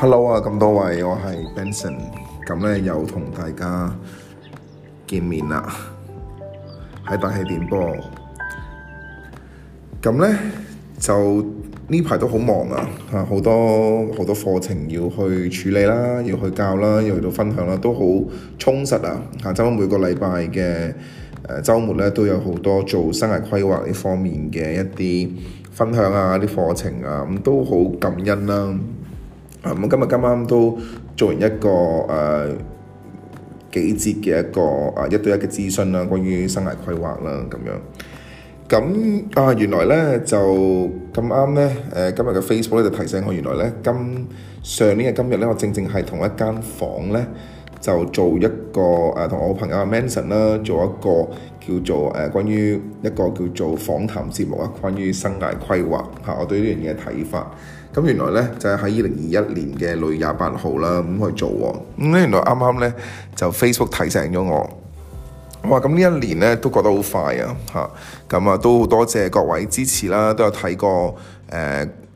Hello 啊，咁多位，我係 Benson，咁咧又同大家見面啦，喺大氣電波。咁咧就呢排都好忙啊，吓好多好多課程要去處理啦，要去教啦，要去到分享啦，都好充實啊。下周每個禮拜嘅誒周末咧都有好多做生涯規劃呢方面嘅一啲分享啊，啲課程啊，咁都好感恩啦。咁今日啱啱都做完一個誒、呃、幾節嘅一個誒、啊、一對一嘅諮詢啦，關於生涯規劃啦咁樣。咁啊，原來咧就咁啱咧，誒、呃、今日嘅 Facebook 咧就提醒我，原來咧今上年嘅今日咧，我正正係同一間房咧就做一個誒，同、啊、我朋友嘅 Manson 啦，做一個叫做誒、呃、關於一個叫做訪談節目啊，關於生涯規劃嚇，我對呢樣嘢嘅睇法。咁原來咧就係喺二零二一年嘅六月廿八號啦，咁去做喎。咁咧原來啱啱咧就 Facebook 提醒咗我，哇咁呢一年咧都覺得好快啊嚇。咁啊都好多謝各位支持啦，都有睇過誒。呃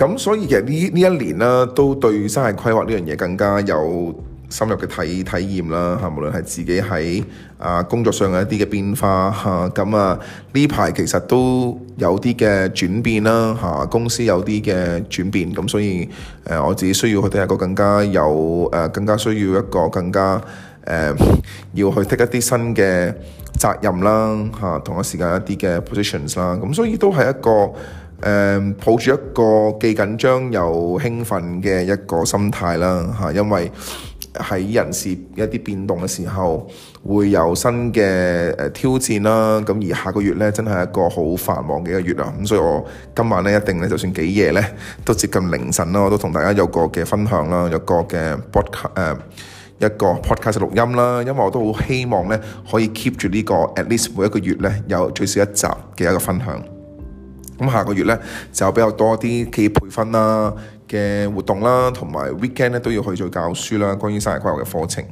咁所以其實呢呢一年啦，都對生涯規劃呢樣嘢更加有深入嘅體體驗啦嚇。無論係自己喺啊工作上嘅一啲嘅變化嚇，咁啊呢排、啊、其實都有啲嘅轉變啦嚇、啊。公司有啲嘅轉變，咁所以誒、啊、我自己需要去睇一個更加有誒、啊、更加需要一個更加誒、啊、要去 take 一啲新嘅責任啦嚇、啊。同一時間一啲嘅 positions 啦，咁、啊、所以都係一個。誒，um, 抱住一個既緊張又興奮嘅一個心態啦，嚇，因為喺人事一啲變動嘅時候，會有新嘅誒挑戰啦。咁而下個月咧，真係一個好繁忙嘅一個月啦。咁所以我今晚咧，一定咧，就算幾夜咧，都接近凌晨啦，我都同大家有個嘅分享啦，有個嘅 podcast 一個 podcast 錄音啦。因為我都好希望咧，可以 keep 住呢個 at least 每一個月咧，有最少一集嘅一個分享。咁下個月咧就比較多啲企業培訓啦嘅活動啦，同埋 weekend 咧都要去做教書啦，關於生涯規劃嘅課程。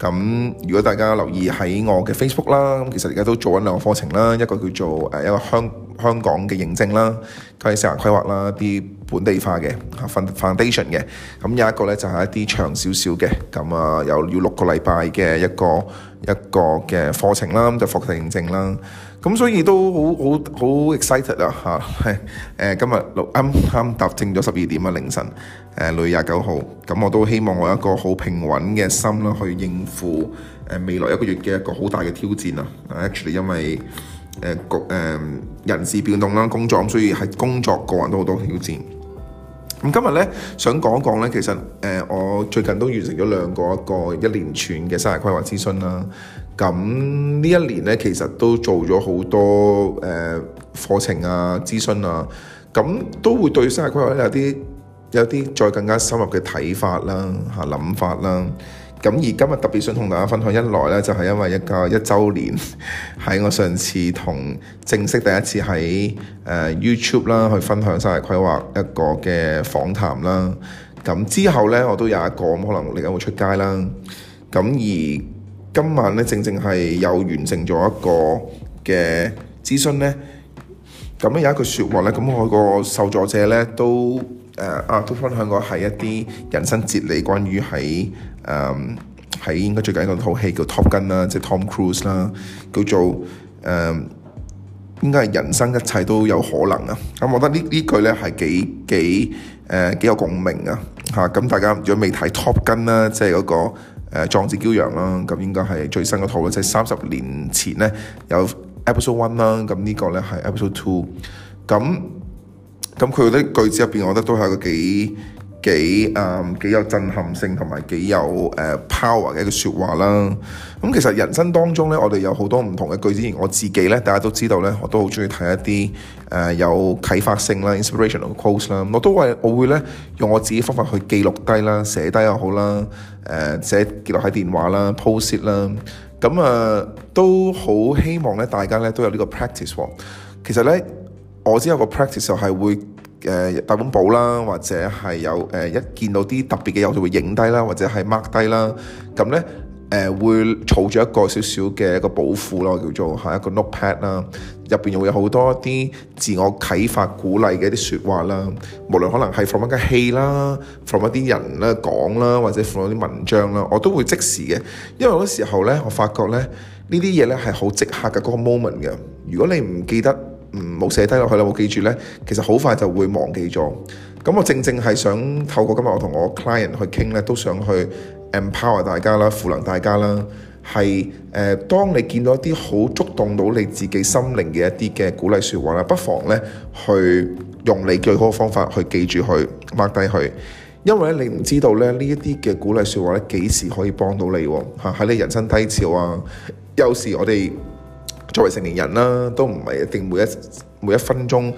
咁如果大家留意喺我嘅 Facebook 啦，咁其實而家都做緊兩個課程啦，一個叫做誒一個香香港嘅認證啦，就係生涯規劃啦啲本地化嘅 foundation 嘅，咁有一個咧就係一啲長少少嘅，咁啊有要六個禮拜嘅一個一個嘅課程啦，咁就課程認證啦。咁所以都好好好 excited 啊嚇！誒今日六啱啱踏正咗十二點啊凌晨誒六月廿九號，咁我都希望我一個好平穩嘅心啦，去應付誒未來一個月嘅一個好大嘅挑戰啊！Actually 因為誒局誒人事變動啦，工作咁，所以喺工作個人都好多挑戰。咁今日咧想講講咧，其實誒我最近都完成咗兩個一個一連串嘅生涯規劃諮詢啦。咁呢一年呢，其實都做咗好多誒、呃、課程啊、諮詢啊，咁都會對生涯規劃有啲有啲再更加深入嘅睇法啦、嚇、啊、諗法啦。咁而今日特別想同大家分享一來呢，就係、是、因為一個一週年喺 我上次同正式第一次喺、呃、YouTube 啦去分享生涯規劃一個嘅訪談啦。咁之後呢，我都有一個咁可能你而家會出街啦。咁而今晚咧正正係又完成咗一個嘅諮詢咧，咁有一句説話咧，咁我個受助者咧都誒啊、呃、都分享過係一啲人生哲理關於，關於喺誒喺應該最近一套戲叫《Top Gun》啦，即係 Tom Cruise 啦，叫做誒、呃、應該係人生一切都有可能啊！咁我覺得句呢呢句咧係幾幾誒、呃、幾有共鳴啊嚇！咁大家如果未睇《Top Gun》啦，即係嗰、那個。誒壯志驕陽啦，咁應該係最新嗰套啦，即係三十年前咧有 Episode One 啦，咁呢個咧係 Episode Two，咁咁佢啲句子入邊，我覺得都係個幾。幾誒幾有震撼性同埋幾有誒 power 嘅一個説話啦。咁其實人生當中咧，我哋有好多唔同嘅句子。而我自己咧，大家都知道咧，我都好中意睇一啲誒、呃、有啟發性啦、inspirational quotes 啦。我都會，我會咧用我自己方法去記錄低、呃、啦、寫低又好啦，誒寫記錄喺電話啦、post it 啦。咁啊，都好希望咧，大家咧都有呢個 practice 喎、喔。其實咧，我只有個 practice 就係會。誒大、呃、本報啦，或者係有誒一、呃、見到啲特別嘅有就會影低啦，或者係 mark 低啦。咁咧誒會儲住一個少少嘅一個寶庫啦，我叫做係一個 note pad 啦。入邊又會有好多啲自我啟發、鼓勵嘅一啲説話啦。無論可能係放 r o m 一間戲啦放一啲人啦講啦，或者放一啲文章啦，我都會即時嘅。因為多時候咧，我發覺咧呢啲嘢咧係好即刻嘅嗰、那個 moment 嘅。如果你唔記得，唔冇寫低落去啦，冇記住呢。其實好快就會忘記咗。咁我正正係想透過今日我同我 client 去傾呢，都想去 empower 大家啦，賦能大家啦。係誒、呃，當你見到一啲好觸動到你自己心靈嘅一啲嘅鼓勵説話啦，不妨呢去用你最好嘅方法去記住佢，mark 低佢。因為咧你唔知道咧呢一啲嘅鼓勵説話咧幾時可以幫到你喎？喺你人生低潮啊，有時我哋。作為成年人啦，都唔係一定每一每一分鐘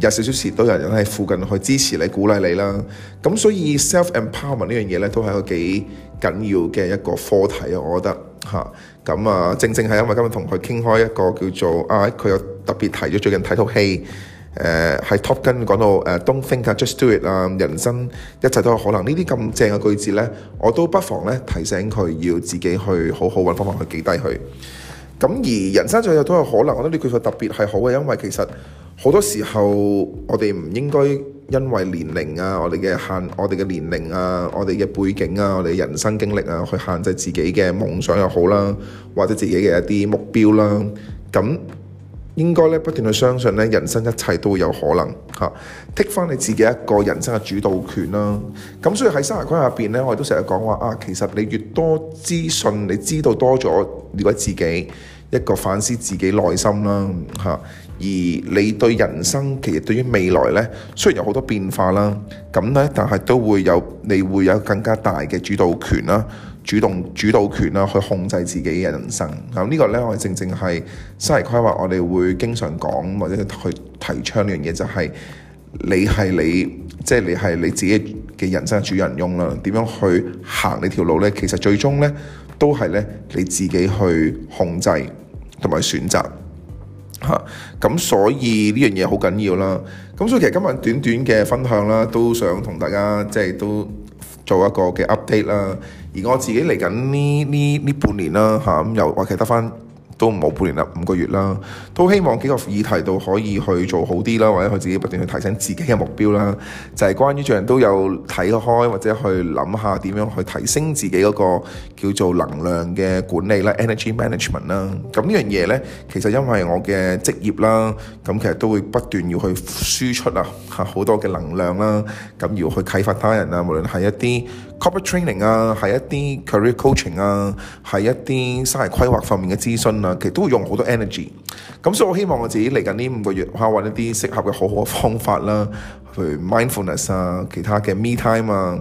有少少事都有人喺附近去支持你、鼓勵你啦。咁所以 self empowerment 呢樣嘢咧，都係一個幾緊要嘅一個科體啊。我覺得嚇咁啊，正正係因為今日同佢傾開一個叫做啊，佢又特別提咗最近睇套戲，誒、呃、係 top 跟講到誒 don't think just do it 啊，人生一切都有可能呢啲咁正嘅句子咧，我都不妨咧提醒佢要自己去好好揾方法去記低佢。咁而人生在有都有可能，我覺得呢句話特別係好嘅，因為其實好多時候我哋唔應該因為年齡啊，我哋嘅限，我哋嘅年齡啊，我哋嘅背景啊，我哋人生經歷啊，去限制自己嘅夢想又好啦，或者自己嘅一啲目標啦，咁。應該咧，不斷去相信咧，人生一切都有可能嚇、t 翻你自己一個人生嘅主導權啦。咁、啊、所以喺三日規下邊咧，我哋都成日講話啊，其實你越多資訊，你知道多咗瞭解自己，一個反思自己內心啦嚇、啊啊。而你對人生，其實對於未來咧，雖然有好多變化啦，咁、啊、咧，但係都會有你會有更加大嘅主導權啦。主動主導權啦，去控制自己嘅人生。咁、這、呢個呢，我哋正正係生涯規劃，我哋會經常講或者去提倡呢樣嘢，就係你係你，即係你係你自己嘅人生嘅主人翁啦。點樣去行呢條路呢？其實最終呢，都係呢你自己去控制同埋選擇。嚇、啊、咁，所以呢樣嘢好緊要啦。咁所以其實今日短短嘅分享啦，都想同大家即係都，做一個嘅 update 啦，而我自己嚟緊呢呢呢半年啦，吓咁又話其得翻。都冇半年啦，五個月啦，都希望幾個議題到可以去做好啲啦，或者佢自己不斷去提升自己嘅目標啦。就係、是、關於人人都有睇開或者去諗下點樣去提升自己嗰個叫做能量嘅管理啦，energy management 啦。咁呢樣嘢咧，其實因為我嘅職業啦，咁其實都會不斷要去輸出啊，吓好多嘅能量啦，咁要去啟發他人啊，無論係一啲 Corporate Training 啊，係一啲 Career Coaching 啊，係一啲生涯規劃方面嘅諮詢啊。其實都會用好多 energy，咁所以我希望我自己嚟緊呢五個月，可以揾一啲適合嘅好好嘅方法啦，譬如 mindfulness 啊，其他嘅 me time 啊，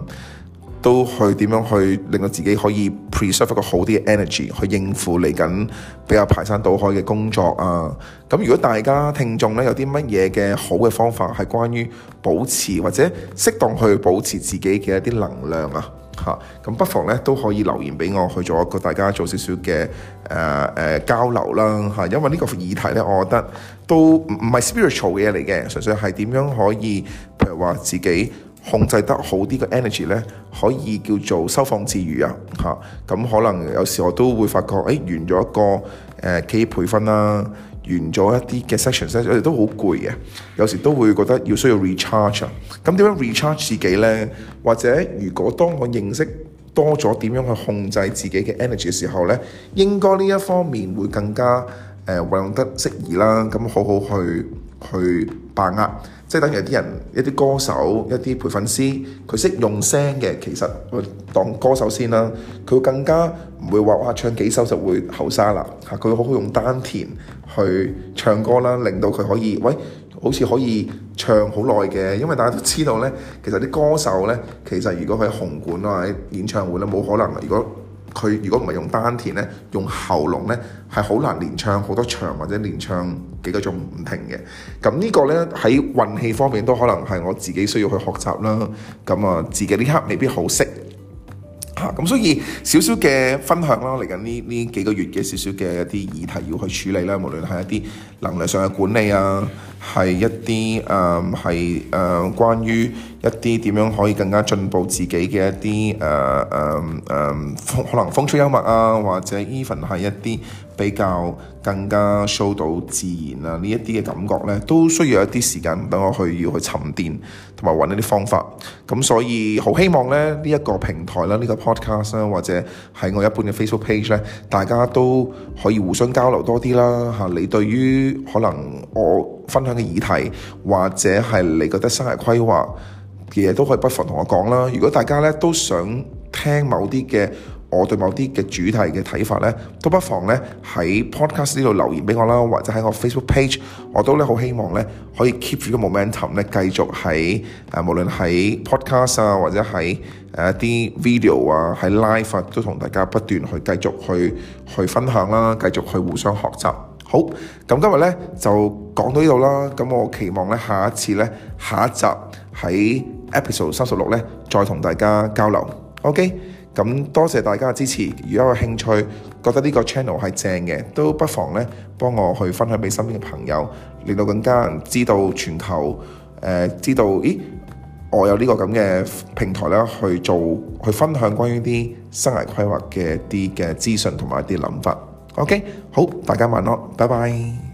都去點樣去令到自己可以 preserve 一個好啲嘅 energy 去應付嚟緊比較排山倒海嘅工作啊。咁如果大家聽眾咧有啲乜嘢嘅好嘅方法，係關於保持或者適當去保持自己嘅一啲能量啊？嚇，咁不妨咧都可以留言俾我，去做一個大家做少少嘅誒誒交流啦嚇。因為呢個議題咧，我覺得都唔唔係 spiritual 嘅嘢嚟嘅，純粹係點樣可以，譬如話自己控制得好啲嘅 energy 咧，可以叫做收放自如啊嚇。咁可能有時我都會發覺，誒完咗一個誒企業培訓啦。完咗一啲嘅 session 咧，我哋都好攰啊，有時都會覺得要需要 recharge。啊。咁點樣 recharge 自己呢？或者如果當我認識多咗點樣去控制自己嘅 energy 嘅時候呢，應該呢一方面會更加誒運，呃、用得適宜啦。咁好好去。去把握，即係等於啲人一啲歌手一啲培訓師，佢識用聲嘅，其實佢當歌手先啦，佢更加唔會話哇唱幾首就會喉沙啦嚇，佢好好用丹田去唱歌啦，令到佢可以喂好似可以唱好耐嘅，因為大家都知道咧，其實啲歌手咧其實如果喺紅館啊喺演唱會咧冇可能啊，如果。佢如果唔係用丹田咧，用喉嚨咧，係好難連唱好多場或者連唱幾個鐘唔停嘅。咁呢個咧喺運氣方面都可能係我自己需要去學習啦。咁啊，自己呢刻未必好識。咁所以少少嘅分享啦，嚟緊呢呢幾個月嘅少少嘅一啲議題要去處理啦，無論係一啲能量上嘅管理啊，係一啲誒係誒關於一啲點樣可以更加進步自己嘅一啲誒誒誒，可能風趣幽默啊，或者 even 係一啲。比較更加 show 到自然啊，呢一啲嘅感覺呢，都需要一啲時間等我去要去沉澱，同埋揾一啲方法。咁所以好希望咧呢一個平台啦，呢個 podcast 啦，或者喺我一般嘅 Facebook page 呢，大家都可以互相交流多啲啦嚇。你對於可能我分享嘅議題，或者係你覺得生涯規劃嘅嘢，都可以不妨同我講啦。如果大家呢都想聽某啲嘅，我對某啲嘅主題嘅睇法咧，都不妨咧喺 podcast 呢度留言俾我啦，或者喺我 Facebook page，我都咧好希望咧可以 keep 住個 momentum 咧，繼續喺誒無論喺 podcast 啊，或者喺誒一啲 video 啊，喺 live 都同大家不斷去繼續去去分享啦，繼續去互相學習。好，咁今日咧就講到呢度啦，咁我期望咧下一次咧下一集喺 episode 三十六咧再同大家交流。OK。咁多謝大家嘅支持，如果有興趣，覺得呢個 channel 係正嘅，都不妨呢幫我去分享俾身邊嘅朋友，令到更加人知道全球，呃、知道咦，我有呢個咁嘅平台咧去做，去分享關於啲生涯規劃嘅啲嘅資訊同埋啲諗法。OK，好，大家晚安，拜拜。